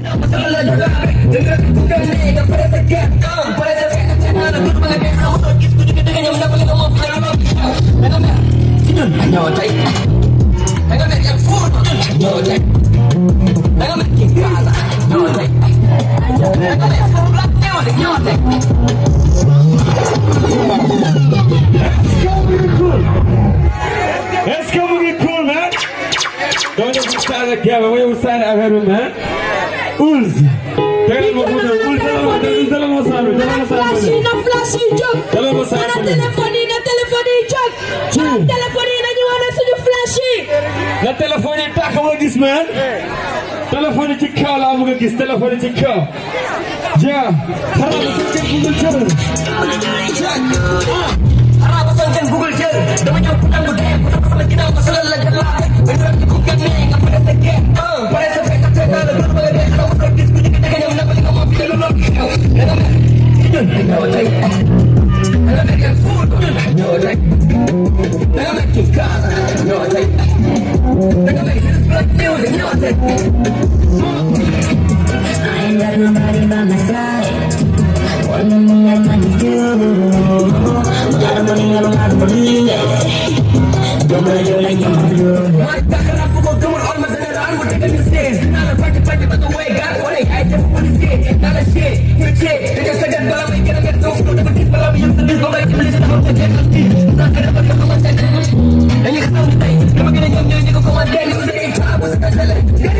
Let's go, man. Don't you sound like you have a way of signing, man. Ulzi. Jalle ma Fouta Ulzi Jalle ma Saalum Jalle ma Saalum. flash yi na flash yi jóg. Jalle ma Saalum na téléphone yi na téléphone yi jóg. na téléphone yi nañu wane suñu flash yi. na téléphone yi tax ma gis man. téléphone yi ci kaw laa bëgg a gis téléphone yi ci kaw. ja xarala bu soog kenn bugul jër. xarala bu soog kenn bugul jër. dama ñëw ku tànn dee ku tànn sama ginnaaw ma solal la jël laa teg. nga ñëw ku gën nee nga pare sa kee. pare sa Jangan lupa like, share, dan subscribe what the business is. Now not a practice, but the way God for I just want to see not a shit, hit shit. They just said that, but I'm gonna get so screwed up with but I'll be using this. Go back to this, i to get the shit. I'm not gonna the money on that. And you can tell me I'm gonna get a young man, you can call my dad, you can say, I'm gonna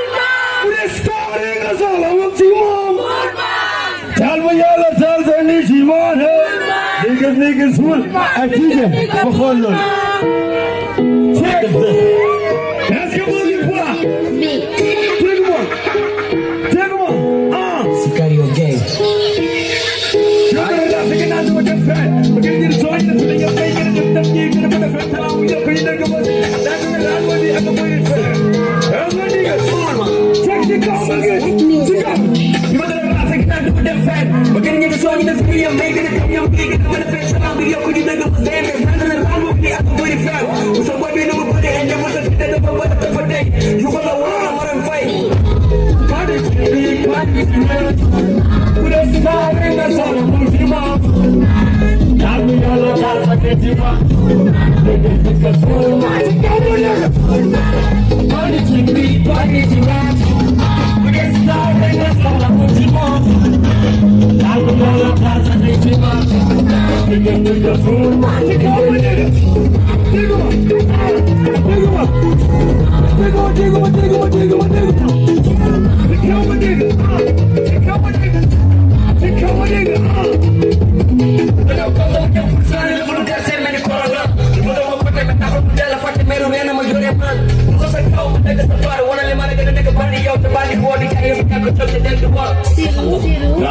ایمان ہے دیکھنے کے اصول عقید ہے تخلل Check the coffee, check the coffee. You better not think that you're a fan. opinion, making opinion, making manifestation. I'll be your pretty nigga, but damn, there's nothing wrong with me. I'm a pretty fat. With some weapon, I'm a pretty, and there was a fit that never went up for day. You wanna run, I'm gonna fight. God is big, God is real. With a smile, and that's all I'm gonna give up. Now we all look out for the diva. Niggas, niggas, fool, man. God is big, God is real. Digo, digo, digo, digo, digo, digo,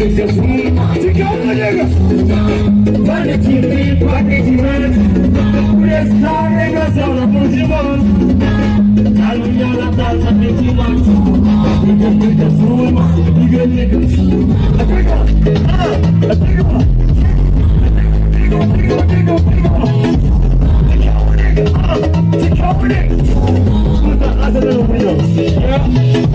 it just me to get the soul, man. You can get the Take it! Put that as a Yeah?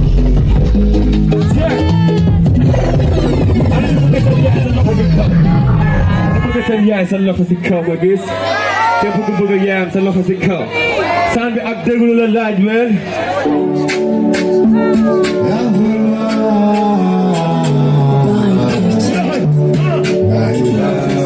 یه سلاخ سکا مگیس تپو کپو game سلاخ سکا سان be Abdullah للاج من Thank you.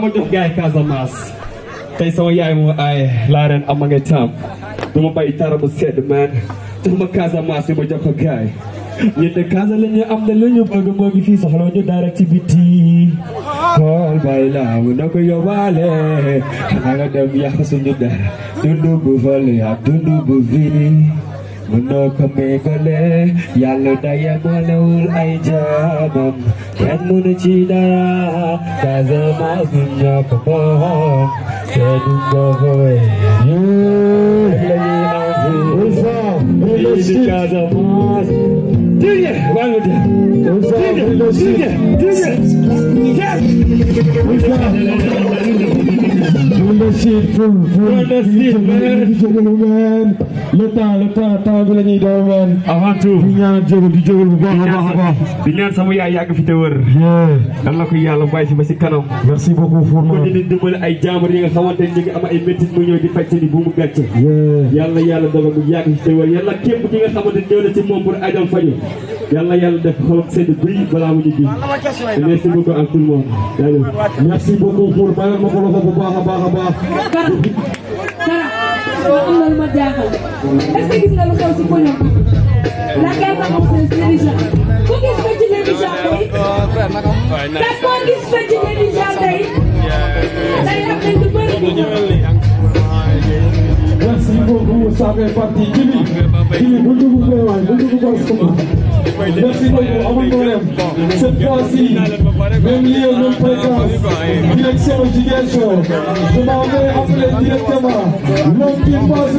ma jox gars yi Casamance tey sama yaay moo ay laa a am nga taam du ma bàyyi tara bu sedd man jox ma Casamance yi ma jox ko gars yi ñun de Casa la ñu am na lu ñu bëgg moo ngi fii soxla ñu dara ci biti xool bay laaw na ko yóbbaale xanaa nga dem yàq suñu dara dundu bu fële ak dundu bu fini Uno kami kole Yalo daya malawul aijabam Ken muna chida Kaza mazunya kama Sedung bohoy You Lagi aku Usa Ini kaza mas Dinge Wangu dia Usa Dinge Dinge Dinge Dinge Dinge Dinge Dinge Dinge Ya. Bunda Sid full full Bunda Sid man Bunda Sid man Le temps le temps Tant que l'année d'or man Avant tout Dignan Djogu Djogu Bon bon bon bon Dignan sa mouya Yaga fite war Yeah Dan la kuya Le mbaye si basi kanam Merci beaucoup for man Kodini dumbole Ay jamri Nga khawante Nga ama emetis Mounyo di fache Di boumou gache Yeah ya. Yalla yalla Dabamu yaga fite war Yalla kiep Nga khawante Nga khawante Nga khawante Nga khawante Nga khawante Nga khawante Nga khawante yal na yàlla def xolam sedd buy balaa mu ñibbi merci beaucoup à tout le monde merci beaucoup pour bàyyi ma ko loxo bu baax a baax a baax. dara dara am na lu ma jaaxal est-ce que gis nga lu xew si koñam la gerte am seen sénégal ku gis ko ci négligeant tey te koo gis ko ci négligeant tey day am nañ lu bëri Merci beaucoup, ça fait partie. Jimmy, Jimmy, vous ne vous pouvez pas, vous ne vous pouvez pas. Merci beaucoup, avant de problème. Cette fois-ci, même lieu, même direction Je m'en vais appeler directement. L'homme qui passe